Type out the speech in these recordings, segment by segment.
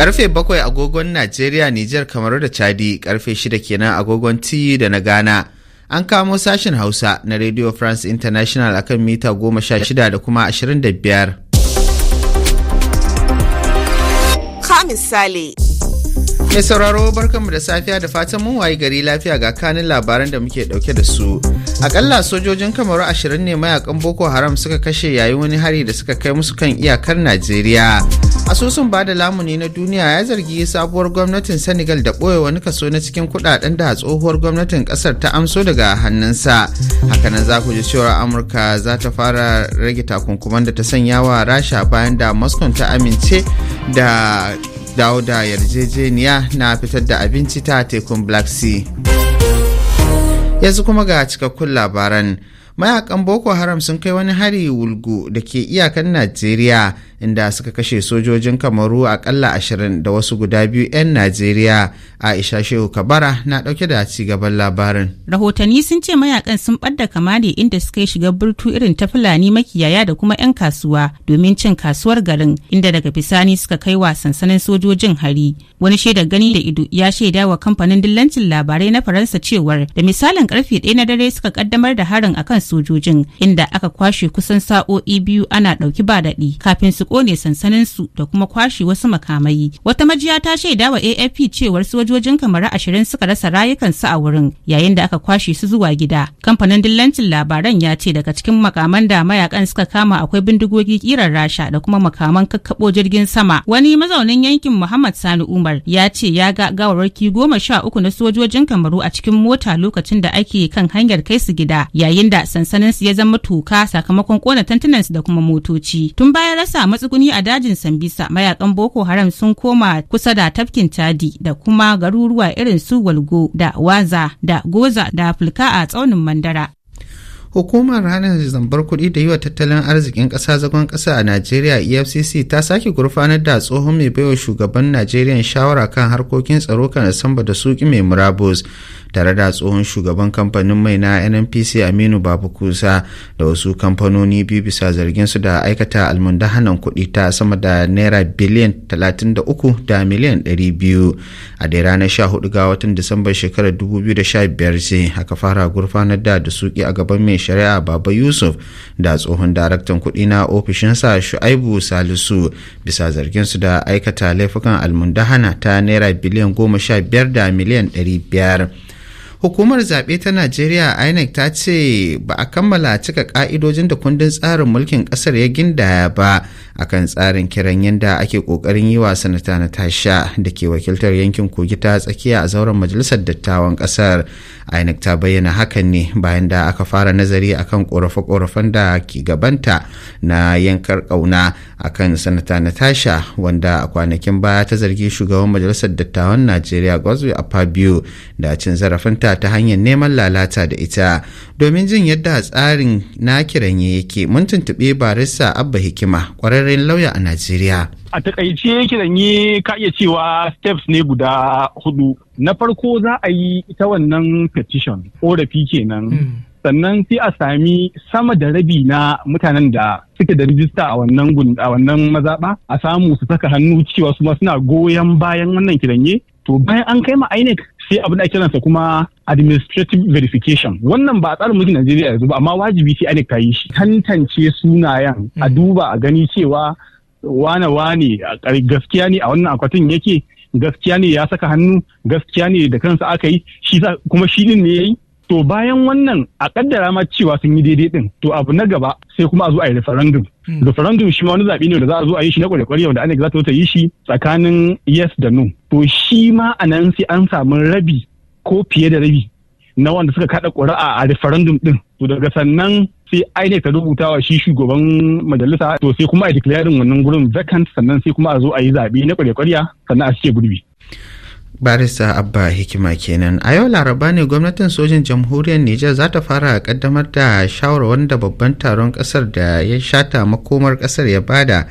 Karfe bakwai agogon Najeriya, Nijar, Kamaru da Chadi, karfe shida kenan agogon T da na Ghana. An kamo sashen Hausa na Radio France International akan mita goma sha shida da kuma ashirin da biyar. Ka misali. Mai sauraro barkanmu da safiya da fatan mun wayi gari lafiya ga kanin labaran da muke dauke da su. Akalla sojojin kamaru ashirin ne mayakan Boko Haram suka kashe yayin wani hari da suka kai musu kan iyakar Najeriya. Asusun bada lamuni na duniya ya zargi sabuwar gwamnatin Senegal da ɓoye wani kaso na cikin kudaden da tsohuwar gwamnatin kasar ta amso daga hannunsa. Hakanan za ku ji cewa Amurka za ta fara rage takunkuman da ta sanya wa Rasha bayan da Moscow ta amince da dawo yarjejeniya na fitar da abinci ta tekun black sea yanzu kuma ga cikakkun labaran mayakan boko haram sun kai wani hari wulgu da ke iyakan najeriya inda suka kashe sojojin kamaru akalla ashirin da wasu guda biyu 'yan najeriya aisha shehu kabara na dauke da cigaban labarin rahotanni sun ce mayakan sun ɓadda kamare inda suka yi shiga burtu irin ta fulani makiyaya da kuma 'yan kasuwa domin cin kasuwar garin inda daga bisani suka kai wa sansanin sojojin hari wani shaidar gani da ido ya shaida wa kamfanin dillancin labarai na faransa cewar da misalin karfe ɗaya na dare suka kaddamar da harin akan sojojin inda aka kwashe kusan sa'o'i biyu ana ɗauki ba daɗi kafin su kone sansaninsu da kuma kwashe wasu makamai wata majiya ta shaida wa afp cewar sojojin kamar ashirin suka rasa rayukansu a wurin yayin da aka kwashe su zuwa gida kamfanin dillancin labaran ya ce daga cikin makaman da mayakan suka kama akwai bindigogi kirar rasha da kuma makaman kakkabo jirgin sama wani mazaunin yankin muhammad sani umar ya ce ya ga gawarwaki goma sha uku na sojojin kamaru a cikin mota lokacin da ake kan hanyar kai su gida yayin da sansaninsu ya zama toka sakamakon kona tantunansu da kuma motoci tun bayan rasa matsuguni a dajin Sambisa mayakan Boko Haram sun koma kusa da tafkin Chadi da kuma garuruwa irin su Walgo da Waza da Goza da Fulka a tsaunin Mandara. Hukumar ranar zambar kuɗi da yiwa tattalin arzikin ƙasa zagon ƙasa a Najeriya EFCC ta sake gurfanar da tsohon mai baiwa shugaban Najeriya shawara kan harkokin tsaro kan samba da suki mai murabus tare da tsohon shugaban kamfanin mai na nnpc aminu babu kusa da wasu kamfanoni biyu bisa zargin su da aikata almundahanan kuɗi ta sama da naira biliyan 33 da miliyan 200 a da ranar 14 ga watan disambar shekarar 2015 sai aka fara gurfanar da da suki a gaban mai shari'a baba yusuf da tsohon daraktan kuɗi na ofishinsa shu'aibu salisu bisa zargin su da aikata laifukan almundahana ta naira biliyan 15 da miliyan 500 hukumar zaɓe ta najeriya inec ta ce ba a kammala cika ƙa'idojin da kundin tsarin mulkin ƙasar ya gindaya ba akan tsarin kiran yadda ake kokarin yi wa sanata natasha da ke wakiltar yankin kogi ta tsakiya a zauren majalisar dattawan kasar inec ta bayyana hakan ne bayan da aka fara nazari akan korafe-korafen da ke gabanta na yankar kauna akan sanata natasha wanda a kwanakin baya ta zargi shugaban majalisar dattawan najeriya a apabio da cin zarafinta ta hanyar neman lalata da ita domin jin yadda tsarin na kiranye yake mun tuntuɓi barista abba hikima kwararre ƙwararren lauya a Najeriya. A takaice kiran yi ka iya cewa steps ne guda hudu. Na farko za a yi ita wannan petition, ƙorafi kenan. Hmm. sannan sai a sami sama da rabi na mutanen da suke da rijista a wannan a wannan mazaɓa a samu su saka hannu cewa su suna goyon bayan wannan kiranye to bayan an kai ma INEC sai abin da ake kiransa kuma administrative verification wannan ba a tsarin mulkin Najeriya yanzu ba amma wajibi sai ane kayi shi tantance sunayen a hmm. duba a gani cewa wane wane gaskiya ne a wannan akwatin yake gaskiya ne ya saka hannu gaskiya ne da kansa aka yi shi kuma shi din ne yayi To bayan wannan a kaddara ma cewa sun yi daidai din to abu na gaba sai kuma a zo a yi referendum. Hmm. Referendum shi ma wani zaɓe ne da za a zo a yi shi na kwarekwari wanda INEC za ta zo ta yi shi tsakanin yes da no. To shi ma a nan sai an samu rabi ko fiye da rabi na wanda suka kaɗa ƙuri'a a referendum din. To daga sannan sai INEC ta rubuta wa shi shugaban majalisa to sai kuma a declaring wannan gurin vacant sannan sai kuma a zo a yi zaɓe na kwarekwariya sannan a cike gurbi. barista abba hikima kenan a yau laraba ne gwamnatin sojin jamhuriyar niger za ta fara kaddamar da shawarwar da babban taron kasar da ya shata makomar kasar ya bada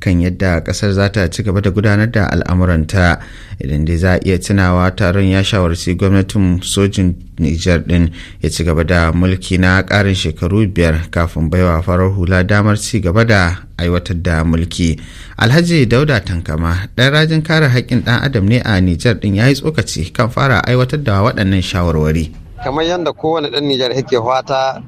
kan yadda kasar za ta ci gaba da gudanar da al'amuranta idan dai za a iya tunawa taron ya shawarci gwamnatin sojin nijar din ya ci gaba da mulki na karin shekaru biyar kafin baiwa farar hula damar ci gaba da aiwatar da mulki alhaji dauda tankama ɗan rajin kare haƙƙin ɗan adam ne a nijar din ya yi tsokaci kan fara aiwatar da waɗannan shawarwari kamar yadda kowane ɗan nijar yake fata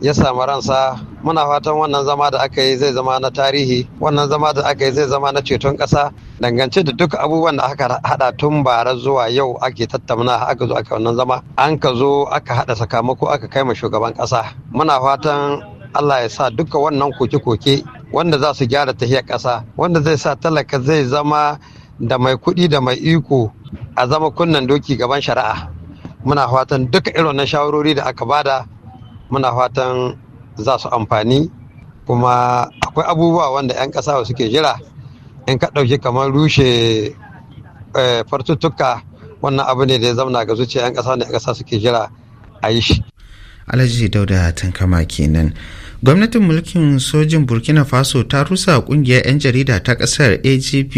ya samu ransa muna fatan wannan zama da aka yi zai zama na tarihi wannan zama da aka yi zai zama na ceton ƙasa dangance da duk abubuwan da aka hada tun bara zuwa yau ake tattauna aka zo aka wannan zama an ka zo aka hada sakamako aka kai ma shugaban ƙasa muna fatan Allah ya sa duka wannan koke-koke wanda za su gyara tahiyar ƙasa wanda zai sa talaka zai zama da mai kuɗi da mai iko a zama kunnen doki gaban shari'a muna fatan duka irin na shawarori da aka bada muna fatan za su amfani kuma akwai abubuwa wanda 'yan ƙasa suke jira in ka ɗauki kamar rushe eh, fartuttuka wannan abu ne da ya zamana ga zuciya 'yan ƙasa ne 'yan ƙasa suke jira a yi shi alhaji dauda tankama kenan gwamnatin mulkin sojin burkina faso ta rusa kungiyar 'yan jarida ta kasar agp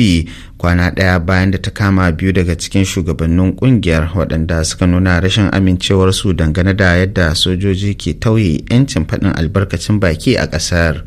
kwana ɗaya bayan da ta kama biyu daga cikin shugabannin kungiyar waɗanda suka nuna rashin amincewarsu dangane da yadda sojoji ke tauye 'yancin faɗin albarkacin baki a ƙasar.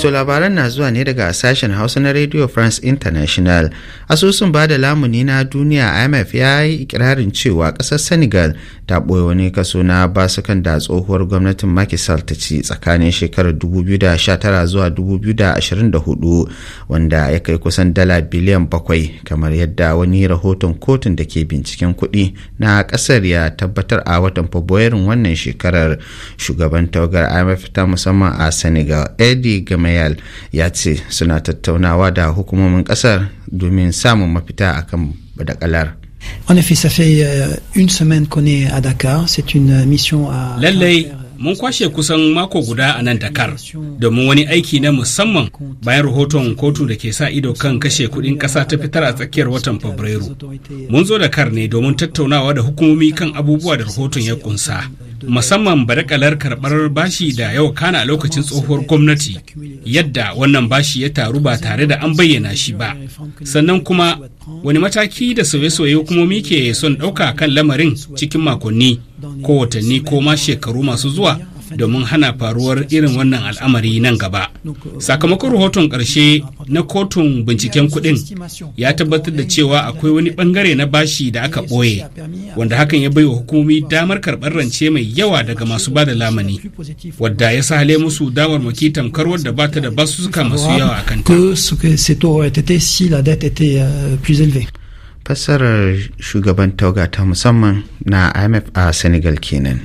To labaran na zuwa ne daga sashen Hausa na Radio France International. Asusun bada lamuni na duniya IMF ya yi ikirarin cewa ƙasar Senegal ta ɓoye wani kaso na basukan da tsohuwar gwamnatin Macky ta ci tsakanin shekarar 2019 zuwa 2024 wanda ya kai kusan dala biliyan bakwai kamar yadda wani rahoton kotun da ke binciken kuɗi na ƙasar ya tabbatar a watan Fabrairun wannan shekarar shugaban tawagar IMF ta musamman a Senegal Eddie mayal ya ce suna tattaunawa da hukumomin kasar domin samun mafita akan badakalar En effet, ça fait euh, une semaine qu'on Dakar. C'est euh, mission à. Lallai, euh, mun kwashe kusan mako guda a nan Dakar domin wani aiki na musamman bayan rahoton kotu da ke sa ido kan kashe kudin kasa ta fitar a tsakiyar watan Fabrairu. Mun zo Dakar ne domin tattaunawa da hukumomi kan abubuwa da rahoton ya kunsa. musamman Barakalar karɓar bashi da yau kana a lokacin tsohuwar gwamnati yadda wannan bashi ya taru ba tare da an bayyana shi ba sannan kuma wani mataki da sauye-sauye hukumomi ke son ɗauka kan lamarin cikin makonni ko watanni ko ma shekaru masu zuwa domin hana faruwar irin wannan al'amari nan gaba sakamakon rahoton ƙarshe na kotun binciken kuɗin ya tabbatar da cewa akwai wani ɓangare na bashi da aka ɓoye wanda hakan ya baiwa hukumomi damar karɓar rance mai yawa daga masu ba da lamani wadda ya sahale musu damar maki tamkar wadda ba ta da suka masu yawa a kanta euh, fassarar shugaban tauga ta musamman na imf a senegal kenan.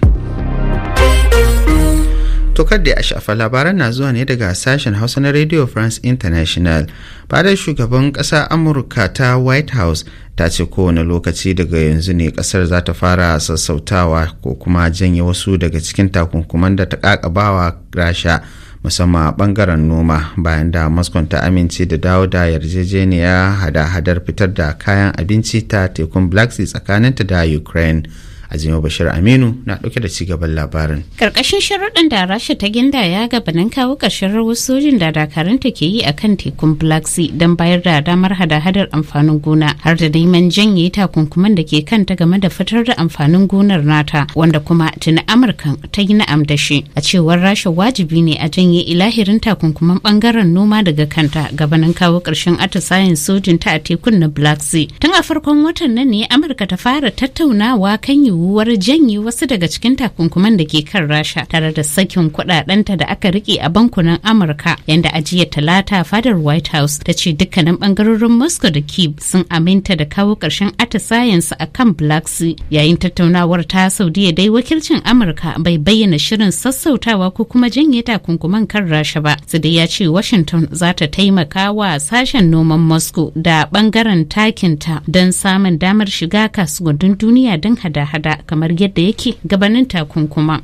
tokar da ya shafa labaran na zuwa ne daga sashen hausa na radio france international fadar shugaban ƙasa amurka ta white house ta ce kowane lokaci daga yanzu ne ƙasar za ta fara sassautawa ko kuma janye wasu daga cikin takunkuman da ta ƙaƙabawa rasha musamman a bangaren noma bayan da moscow ta amince da dawo da yarjejeniya hada-hadar fitar da kayan abinci ta tekun black sea tsakaninta da ukraine Azima Bashir Aminu na dauke da cigaban labarin. Karkashin sharuɗan da Rasha ta ginda ya gabanin kawo ƙarshen rawar sojin da dakarunta ke yi akan tekun Black Sea don bayar da damar hada-hadar amfanin gona har da neman janye takunkuman da ke kanta game da fitar da amfanin gonar nata wanda kuma tuni amurka ta yi na'am da shi. A cewar Rasha wajibi ne a janye ilahirin takunkuman bangaren noma daga kanta gabanin kawo ƙarshen atisayen sojin ta a tekun na Black Sea. Tun a farkon watan nan ne Amurka ta fara tattaunawa kan yiwu yiwuwar janye wasu daga cikin takunkuman da ke kan rasha tare da sakin kuɗaɗenta da aka rike a bankunan amurka yanda ajiyar talata fadar white house ta ce dukkanin bangarorin moscow da kiev sun aminta da kawo ƙarshen atisayensu a kan black sea yayin tattaunawar ta saudiya dai wakilcin amurka bai bayyana shirin sassautawa ko kuma janye takunkuman kan rasha ba su dai ya ce washington za ta taimaka wa sashen noman moscow da bangaren takinta don samun damar shiga kasuwannin duniya don hada-hada Canada kamar yadda yake gabanin takunkuma.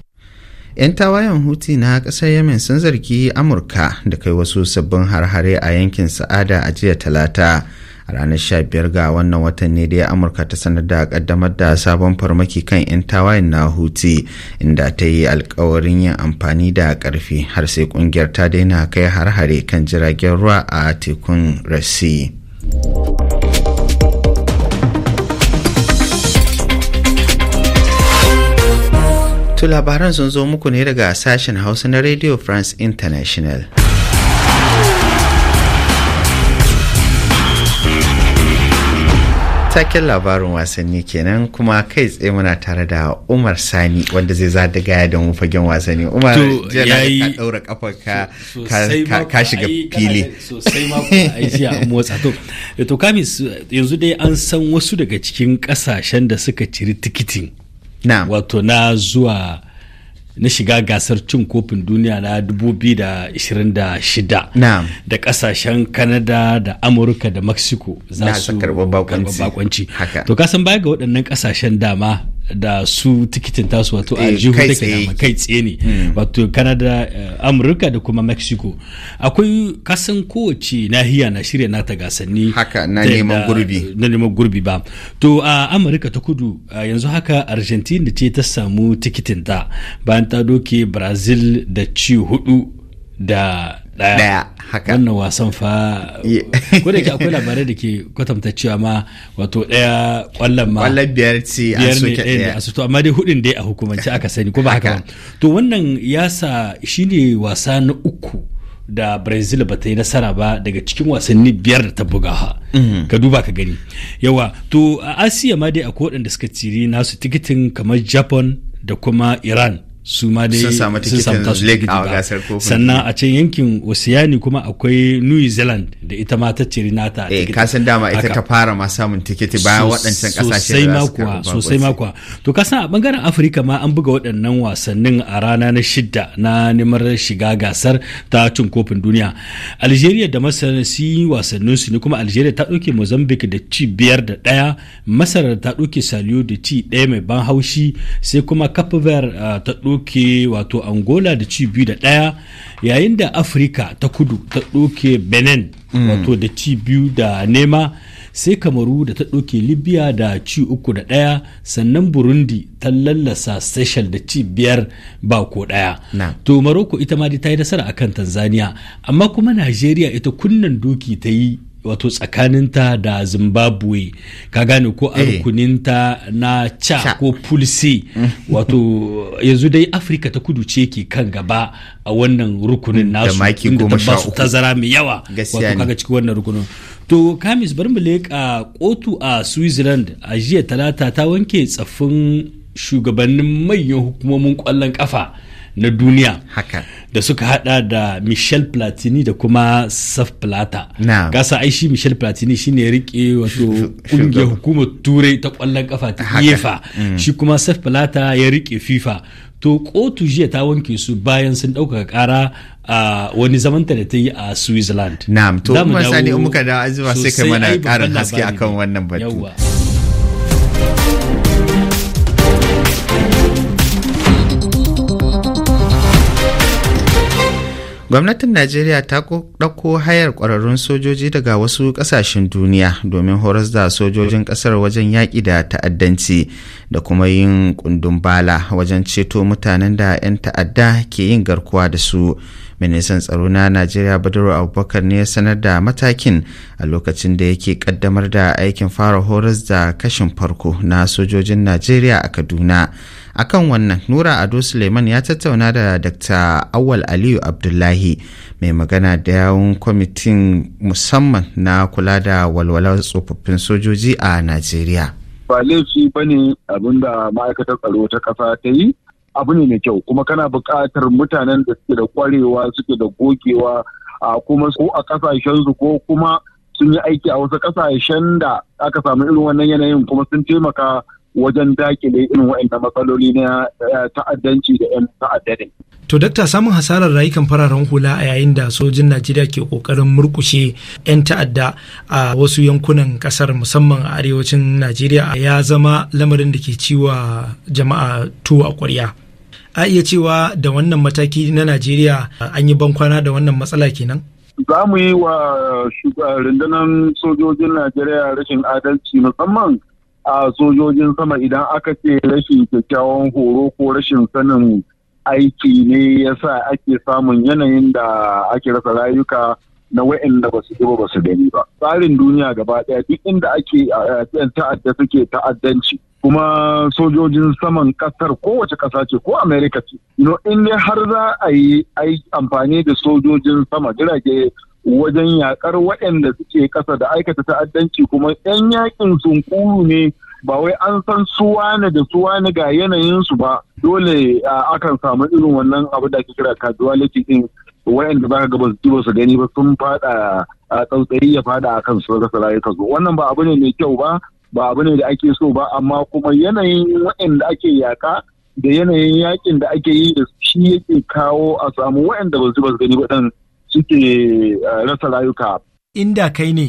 'Yan tawayen Huti na ƙasar Yemen sun zargi Amurka da kai wasu sabbin har-hare a yankin Sa'ada a jiya Talata. a ranar 15 ga wannan watan ne dai amurka ta sanar da kaddamar da sabon farmaki kan 'yan tawayen na huti inda ta yi alkawarin yin amfani da karfi har sai kungiyar ta daina kai har-hare kan jiragen ruwa a tekun rasi. To labaran sun zo muku ne daga sashen Hausa na Radio France International. Taken labarin wasanni kenan kuma kai tsaye muna tare da Umar Sani wanda zai za da gaya da mu fagen wasanni. Umar jana ka daura kafar ka ka shiga fili. Sosai ma a motsa To eh, kamis yanzu dai an san wasu daga cikin kasashen da suka ciri tikitin wato na zuwa na shiga gasar cin kofin duniya na 2026 da kasashen Kanada da amurka da mexico za su karɓi bakonci to kasan baya ga waɗannan kasashen dama da su tikitin tasu wato eh, a jihu da kai tsaye ne hmm. wato kanada eh, Amurka da kuma Mexico akwai kasan kowace nahiya na shirya nata gasanni haka na neman gurbi na neman gurbi ba to a Amurka ta kudu yanzu haka Argentina ce ta samu tikitin ta bayan ta doke Brazil da ci hudu da daya wannan wasan fa ko da ke akwai labarai da ke kwatanta cewa ma wato daya kwallon ma kwallon biyar ce eh, a soke daya amma dai hudun dai a hukumance aka sani ko ba haka to wannan yasa shine wasa na uku da brazil ba ta yi nasara ba daga cikin wasanni biyar da ta buga ha mhm. ka duba ka gani yawa to a asiya ma dai akwai waɗanda suka ciri nasu tikitin kamar japan da kuma iran su ma dai sun samu tikitin lake a gasar kofin sannan a can yankin osiyani kuma akwai new zealand da ita ma ta ciri nata eh kasan dama ita ta fara ma samun tikiti bayan waɗancan kasashe sosai ma kuwa sosai ma kuwa to ka san a bangaren afirka ma an buga waɗannan wasannin a rana na shidda na neman shiga gasar ta cin kofin duniya algeria da masar su yi wasannin su ne kuma algeria ta ɗauke mozambique da ci biyar da ɗaya masar ta ɗauke saliyo da ci ɗaya mai ban haushi sai kuma cape verde ah, ta ɗauke ɗauke wato angola da ci biyu da ɗaya yayin da afirka ta kudu ta ɗauke benin wato da ci biyu da nema sai kamaru da ta ɗauke libya da ci uku da ɗaya sannan burundi ta lallasa seychelles da ci biyar ba ko ɗaya to maroko ita ma ta yi nasara kan tanzania amma kuma najeriya ita kunnan doki ta yi wato tsakaninta da zimbabwe ka gane ko a eh. na cha ko pool mm. wato yanzu dai afirka ta kudu ce ke kan gaba a wannan rukunin mm, nasu inda ta su tazara mai yawa wato kaga cikin wannan rukunin to kamis bar mu leƙa kotu a switzerland a jiya talata ta wanke tsaffin shugabannin manyan hukumomin kwallon kafa na duniya da suka hada da michel platini da kuma saf plata gasa ai shi michel platini shine ya rike wato kungiyar hukumar turai ta kwallon kafa ta efa mm. shi kuma saf plata ya rike fifa to kotu jiya ta wanke su bayan sun ɗaukaka ƙara a wani zamanta da ta yi a switzerland na'am to kuma sani muka da azuwa sai kai mana ƙarin haske akan wannan batu Gwamnatin Najeriya ta ɗauko hayar ƙwararrun sojoji daga wasu ƙasashen duniya domin horas da sojojin ƙasar wajen yaƙi da ta'addanci da kuma yin ƙundun bala wajen ceto mutanen da 'yan ta'adda ke yin garkuwa da su. ministan tsaro na najeriya badru abubakar ne ya sanar da matakin a lokacin da yake kaddamar da aikin fara horas da kashin farko na sojojin najeriya a kaduna akan wannan nura ado suleiman ya tattauna da dr awal aliyu abdullahi mai magana da yawun kwamitin musamman na kula da walwalar tsofaffin sojoji a najeriya ba laifi ba ne abinda ma'aikatar tsaro ta kasa ta yi abu ne mai kyau kuma kana buƙatar mutanen da suke da kwarewa suke da gogewa a kuma ko a kasashensu ko kuma sun yi aiki a wasu ƙasashen da aka samu irin wannan yanayin kuma sun taimaka wajen dakile irin waɗannan matsaloli na eh, ta'addanci da 'yan ta'adda ne. To dakta samun hasarar rayukan fararen hula a yayin da sojin Najeriya ke kokarin murkushe 'yan ta'adda a wasu yankunan kasar musamman a arewacin Najeriya ya zama lamarin da ke ciwa jama'a a kwarya. A iya cewa da wannan mataki na Najeriya an yi bankwana da wannan matsala kenan? Za mu yi wa rundunar sojojin Najeriya rashin adalci musamman a sojojin sama idan aka ce rashin kyakkyawan horo ko rashin sanin aiki ne ya yasa ake samun yanayin da ake rasa rayuka na wa'anda ba su ji ba su gani ba tsarin duniya gaba ɗaya duk inda ake ta'adda suke ta'addanci kuma sojojin saman ƙasar kowace kasa ce ko amerika ce no in har za a yi amfani da sojojin sama jirage wajen yakar waɗanda suke ƙasa da aikata ta'addanci kuma 'yan yakin sunkuru ne ba wai an san suwa ne da suwa suwane ga yanayinsu ba dole akan samu irin wannan abu da ake kira casualty din waɗanda za ka su ba su gani ba sun fada a tsautsayi ya fada a kansu rasa rayuka su wannan ba abu ne mai kyau ba ba abu ne da ake so ba amma kuma yanayin waɗanda ake yaka da yanayin yakin da ake yi da shi yake kawo a samu waɗanda ba su ba su gani ba suke eh, rasa rayuka. Inda kai ne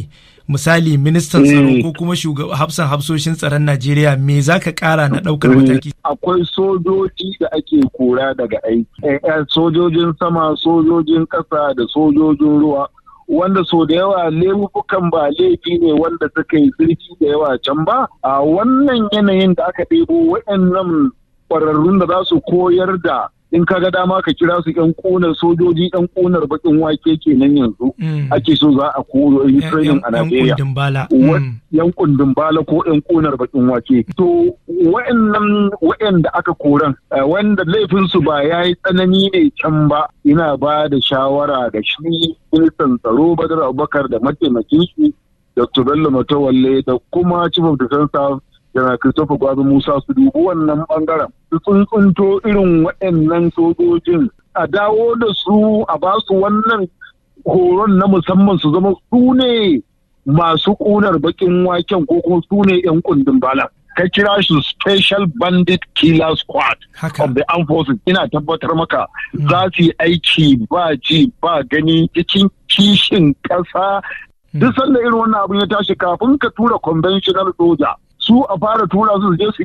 misali ministan tsaro eh. ko kuma shugaban hafsan hafsoshin tsaron Najeriya me za ka kara na ɗaukar eh, mataki? Akwai sojoji da ake kura daga aiki. Sojojin sama, sojojin ƙasa da sojojin ruwa. wanda so da yawa laifukan ba laifi ne wanda suka yi zirki da yawa can ba a wannan yanayin da aka ɗebo waɗannan ƙwararrun da za su koyar da in ka ga dama ka kira su yan ƙunar sojoji yan ƙunar bakin wake kenan yanzu mm. ake so za a koyo yi a Najeriya yan kundin mm. bala ko yan ƙunar bakin wake to wa'annan wa'anda aka koran eh, wanda laifin su ba yayi tsanani ne can ba ina ba da shawara ga shi ministan tsaro Badar Abubakar da mataimakin shi Dr. Bello Matawalle da kuma Chief of Defense Jana Christopher Gwazo Musa su dubi wannan bangaren. Su tsuntsunto irin waɗannan sojojin a dawo da su a ba su wannan horon na musamman su zama su ne masu ƙunar baƙin waken ko kuma su ne 'yan kundin bala. Ka kira shi Special Bandit Killer Squad of the Armed Forces ina tabbatar maka hmm. za su yi aiki ba ji ba gani cikin kishin ƙasa hmm. duk sanda irin wannan abin ya tashi kafin ka tura conventional soja su a fara tura su je su